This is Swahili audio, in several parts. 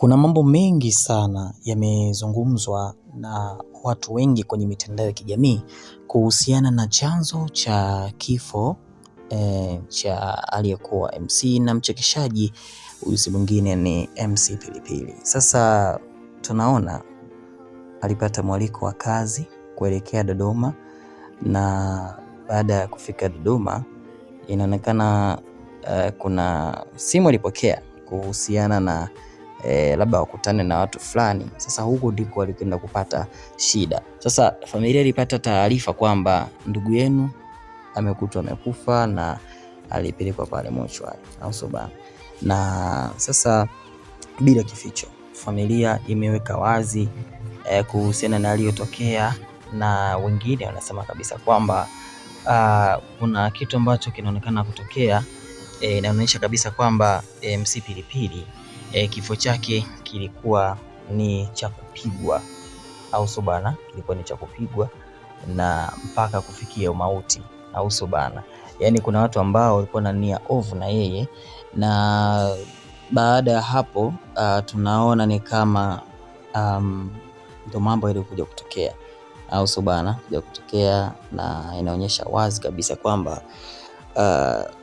Kuna mambo mengi sana yamezungumzwa na watu wengi kwenye mitandao ya kijamii kuhusiana na chanzo cha kifo e, cha aliyekuwa MC na mchekeshaji huyu si mwingine ni MC Pilipili. Sasa tunaona alipata mwaliko wa kazi kuelekea Dodoma, na baada ya kufika Dodoma inaonekana uh, kuna simu alipokea kuhusiana na e, labda wakutane na watu fulani. Sasa huko ndiko walikwenda kupata shida. Sasa familia ilipata taarifa kwamba ndugu yenu amekutwa amekufa na alipelekwa pale mochwari, au soba. Na sasa bila kificho, familia imeweka wazi e, kuhusiana na aliyotokea, na wengine wanasema kabisa kwamba Uh, kuna kitu ambacho kinaonekana kutokea, eh, inaonyesha kabisa kwamba e, msi pilipili e, kifo chake kilikuwa ni cha kupigwa, au sio bana? Kilikuwa ni cha kupigwa na mpaka kufikia mauti, au sio bana? Yaani kuna watu ambao walikuwa na nia ovu na yeye, na baada ya hapo uh, tunaona ni kama ndo um, mambo yaliokuja kutokea au sio bana, kuja kutokea na inaonyesha wazi kabisa kwamba uh,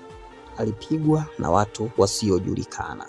alipigwa na watu wasiojulikana.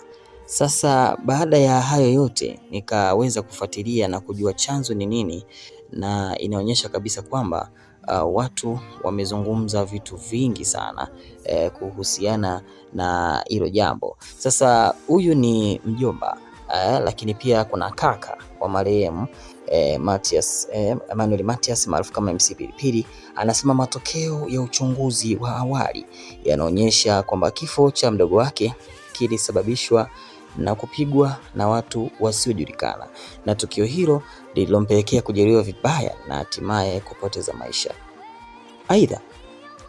Sasa baada ya hayo yote nikaweza kufuatilia na kujua chanzo ni nini, na inaonyesha kabisa kwamba uh, watu wamezungumza vitu vingi sana eh, kuhusiana na hilo jambo. Sasa huyu ni mjomba eh, lakini pia kuna kaka wa marehemu eh, Matias eh, Emmanuel Matias maarufu kama MC Pilipili anasema matokeo ya uchunguzi wa awali yanaonyesha kwamba kifo cha mdogo wake kilisababishwa na kupigwa na watu wasiojulikana, na tukio hilo lililompelekea kujeruhiwa vibaya na hatimaye kupoteza maisha. Aidha,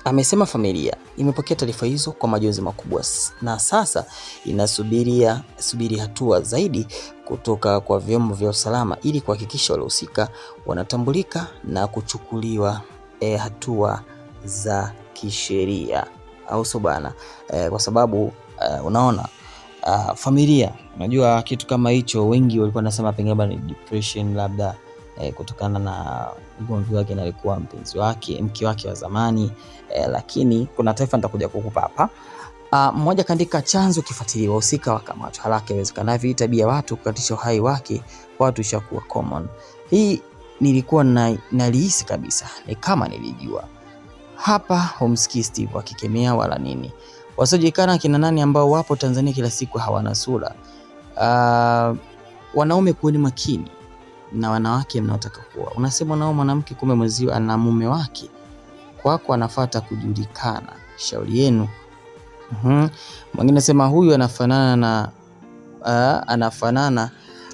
amesema familia imepokea taarifa hizo kwa majonzi makubwa na sasa inasubiria subiri hatua zaidi kutoka kwa vyombo vya usalama ili kuhakikisha waliohusika wanatambulika na kuchukuliwa e, hatua za kisheria, au sio bana? E, kwa sababu e, unaona uh, familia. Unajua kitu kama hicho, wengi walikuwa nasema pengine labda ni depression labda eh, kutokana na ugomvi wake na alikuwa mpenzi wake mke wake wa zamani eh, lakini kuna taifa nitakuja kukupa hapa. Uh, mmoja kaandika chanzo kifuatiliwa, wahusika wakamatwa haraka iwezekanavyo. Hii tabia watu kukatisha uhai wake watu ishakuwa common. Hii nilikuwa na, nalihisi kabisa ni kama nilijua. Hapa humsikii Steve akikemea wala nini wasiojulikana kina nani ambao wapo Tanzania kila siku hawana sura. Uh, wanaume kuweni makini na wanawake mnaotaka kuwa. Unasema nao mwanamke, kumbe mwenzio ana mume wake, kwako anafata kujulikana. Shauri yenu. Mhm. Mwingine mm huyu anafanana na uh, anafanana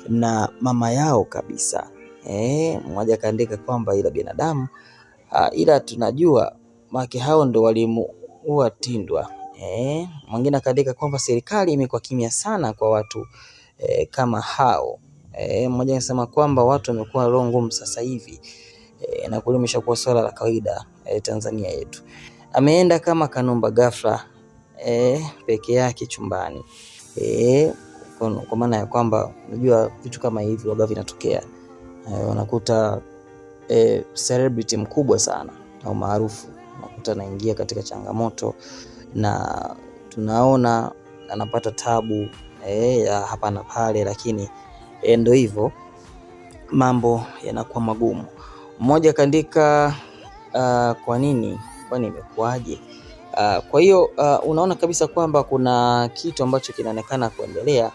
na mama yao kabisa. Eh, mmoja kaandika kwamba ila binadamu uh, ila tunajua make hao ndo walimuua Tindwa. E, mwingine akaandika kwamba serikali imekuwa kimya sana kwa watu e, kama hao. E, mmoja anasema kwamba watu wamekuwa roho ngumu sasa hivi e, na kule imeshakuwa swala la kawaida e, Tanzania yetu. Ameenda kama kanumba ghafla e, peke yake chumbani e, kwa maana ya kwamba unajua vitu kama hivi waga vinatokea e, wanakuta e, celebrity mkubwa sana au maarufu unakuta anaingia katika changamoto na tunaona anapata tabu eh, ya hapa na pale, lakini eh, ndo hivyo mambo yanakuwa magumu. Mmoja kaandika uh, ah, kwa nini kwani imekuwaje? Uh, kwa hiyo uh, unaona kabisa kwamba kuna kitu ambacho kinaonekana kuendelea,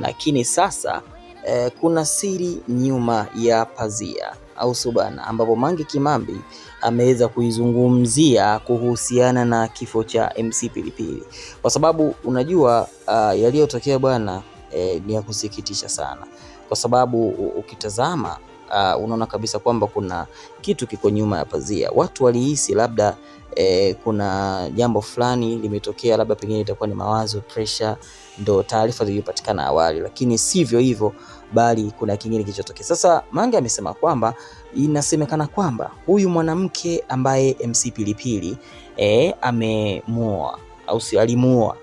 lakini sasa uh, kuna siri nyuma ya pazia au Suban ambapo Mange Kimambi ameweza kuizungumzia kuhusiana na kifo cha MC Pilipili, kwa sababu unajua uh, yaliyotokea bwana eh, ni ya kusikitisha sana, kwa sababu ukitazama uh, unaona kabisa kwamba kuna kitu kiko nyuma ya pazia. Watu walihisi labda eh, kuna jambo fulani limetokea, labda pengine itakuwa ni mawazo, pressure ndo taarifa ziliyopatikana awali, lakini sivyo hivyo, bali kuna kingine kilichotokea. Sasa Mange amesema kwamba inasemekana kwamba huyu mwanamke ambaye MC Pilipili eh, amemuoa au si alimuoa,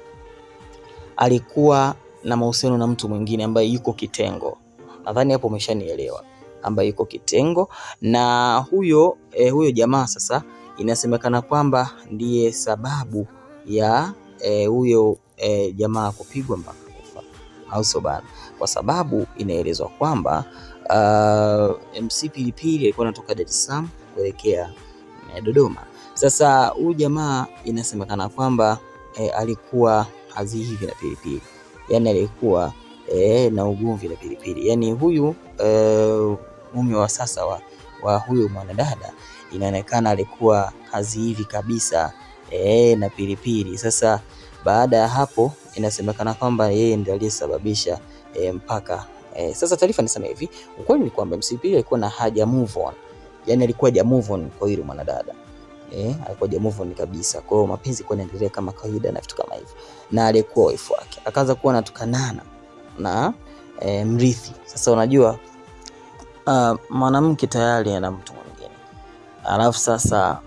alikuwa na mahusiano na mtu mwingine ambaye yuko kitengo. Nadhani hapo umeshanielewa, ambaye yuko kitengo na huyo eh, huyo jamaa sasa inasemekana kwamba ndiye sababu ya eh, huyo e, jamaa kupigwa mpaka kufa, au sio bana? Kwa sababu inaelezwa kwamba uh, MC Pilipili alikuwa anatoka Dar es Salaam kuelekea e, Dodoma. Sasa huyu jamaa inasemekana kwamba e, alikuwa hivi na Pilipili, yani alikuwa e, na ugomvi na Pilipili, yani huyu e, mume wa sasa wa, wa huyu mwanadada inaonekana alikuwa hivi kabisa e, na pilipili. Sasa baada ya hapo inasemekana kwamba yeye ndiye aliyesababisha e, mpaka e, sasa taarifa inasema hivi, ukweli ni kwamba MCP alikuwa na haja move on, yani alikuwa haja move on kwa yule mwanadada Eh, alikuwa haja move on kabisa. Kwa hiyo mapenzi kwa yanaendelea kama kawaida na vitu kama hivyo, na alikuwa wife wake akaanza kuwa anatukanana na e, mrithi. Sasa unajua uh, mwanamke tayari ana mtu mwingine alafu sasa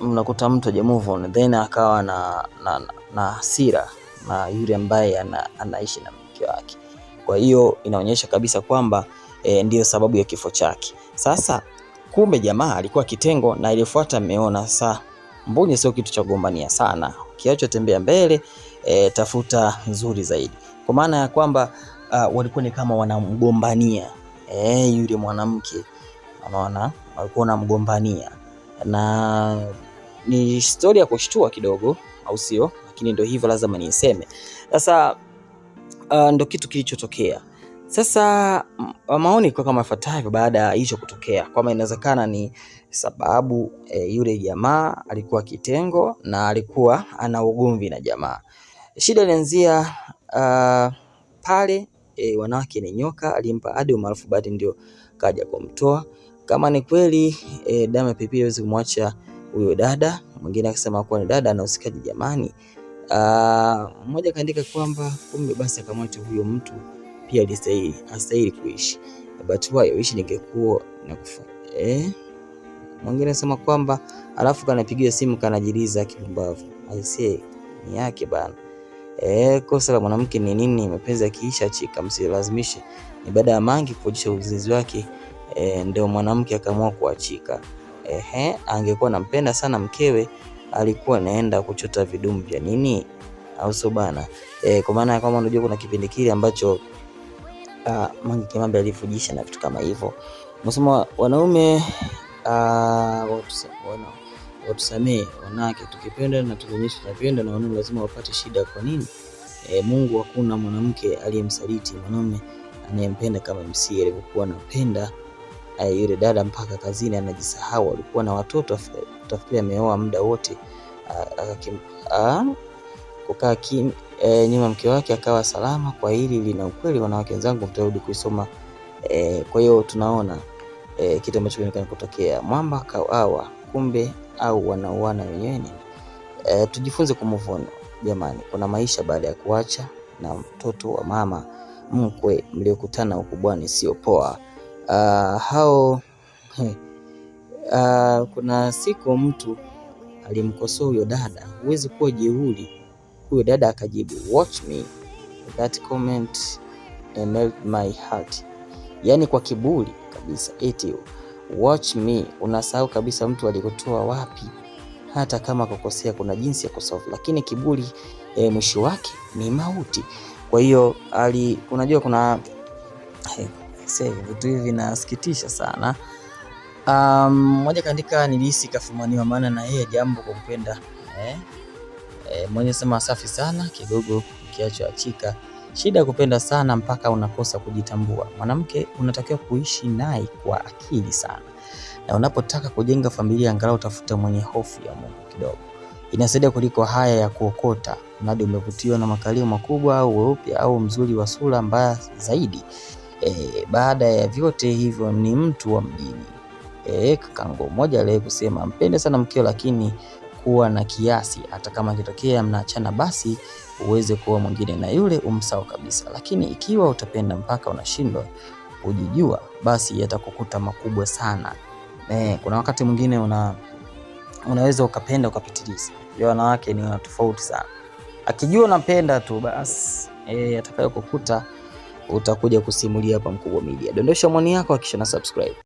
mnakuta mtu move on then akawa na, na, na hasira na yule ambaye ana, anaishi na mke wake. Kwa hiyo inaonyesha kabisa kwamba e, ndiyo sababu ya kifo chake. Sasa kumbe jamaa alikuwa kitengo na ilifuata ameona saa mbuni sio kitu cha kugombania sana, kiacho tembea mbele e, tafuta nzuri zaidi, kwa maana ya kwamba uh, walikuwa ni kama wanamgombania e, yule mwanamke, anaona walikuwa wanamgombania na ni historia ya kushtua kidogo, au sio? Lakini ndio hivyo, lazima niiseme. Sasa uh, ndo kitu kilichotokea. Sasa maoni kwa kama ifuatavyo, baada ya hicho kutokea, kwamba inawezekana ni sababu e, yule jamaa alikuwa kitengo na alikuwa ana ugomvi na jamaa. Shida ilianzia uh, pale e, wanawake ni nyoka, alimpa hadi umaarufu, bahati ndio kaja kumtoa. Kama ni kweli e, damu ya pilipili kumwacha huyo dada, mwingine akisema kuwa ni dada anahusikaje jamani? Ah, mmoja kaandika kwamba kumbe basi akamwacha huyo mtu pia alistahili, astahili kuishi but why uishi ningekuwa na kufa eh? Mwingine anasema kwamba alafu kanapigia simu kanajiliza kipumbavu. Aisee, ni yake bana. Eh, kosa la mwanamke ni nini? Mapenzi akiisha chika, msilazimishe. Ni baada ya Mangi kuonyesha uzinzi wake eh, ndio mwanamke akaamua kuachika ehe, angekuwa nampenda sana mkewe, alikuwa naenda kuchota vidumu vya nini, au sio bana? E, kwa maana ya kwamba unajua kuna kipindi kile ambacho uh, Mange Kimambi alifujisha na vitu kama hivyo, Unasema wanaume uh, watusamee wanawake, tukipenda na tukionyesha tunapenda, na wanaume lazima wapate shida. Kwa nini? E, Mungu hakuna mwanamke aliyemsaliti mwanaume anayempenda kama MC alivyokuwa anapenda eh, yule dada mpaka kazini anajisahau, alikuwa na watoto, utafikiri ameoa muda wote ah, ah, kukaa kim, e, nyuma mke wake akawa salama. Kwa hili lina ukweli, wanawake wenzangu, mtarudi kuisoma. E, kwa hiyo tunaona e, kitu ambacho kinaonekana kutokea, mwamba kawawa kumbe au wanauana wenyewe. E, tujifunze kumove on jamani, kuna maisha baada ya kuacha na mtoto wa mama mkwe mliokutana huko bwani, sio poa uh, hao uh, kuna siku mtu alimkosoa huyo dada, huwezi kuwa jeuri. Huyo dada akajibu watch me that comment melt my heart, yani kwa kiburi kabisa eti watch me, unasahau kabisa mtu alikutoa wapi hata kama kukosea kuna jinsi ya kusolve, lakini kiburi e, mwisho wake ni mauti. Kwa hiyo ali, unajua kuna Say, vitu hivi vinasikitisha sana. Mmoja um, kaandika nilihisi kafumaniwa, maana na yeye jambo kwa kupenda eh? E, mwenye sema safi sana kigogo, achika shida kupenda sana mpaka unakosa kujitambua. Mwanamke unatakiwa kuishi naye kwa akili sana, na unapotaka kujenga familia angalau utafuta mwenye hofu ya Mungu kidogo, inasaidia kuliko haya ya kuokota. Mradi umevutiwa na makalio makubwa au weupe au mzuri wa sura mbaya zaidi E, baada ya vyote hivyo ni mtu wa mjini. E, kakangu mmoja aliwahi kusema mpende sana mkeo, lakini kuwa na kiasi, hata kama akitokea mnaachana, basi uweze kuwa mwingine na yule umsao kabisa. Lakini ikiwa utapenda mpaka unashindwa kujijua, basi yatakukuta makubwa sana. E, kuna wakati mwingine una unaweza ukapenda ukapitiliza. wanawake ni tofauti sana, akijua unapenda tu basi e, atakayokukuta utakuja kusimulia hapa Mkubwa Media. Dondosha maoni yako, hakisha na subscribe.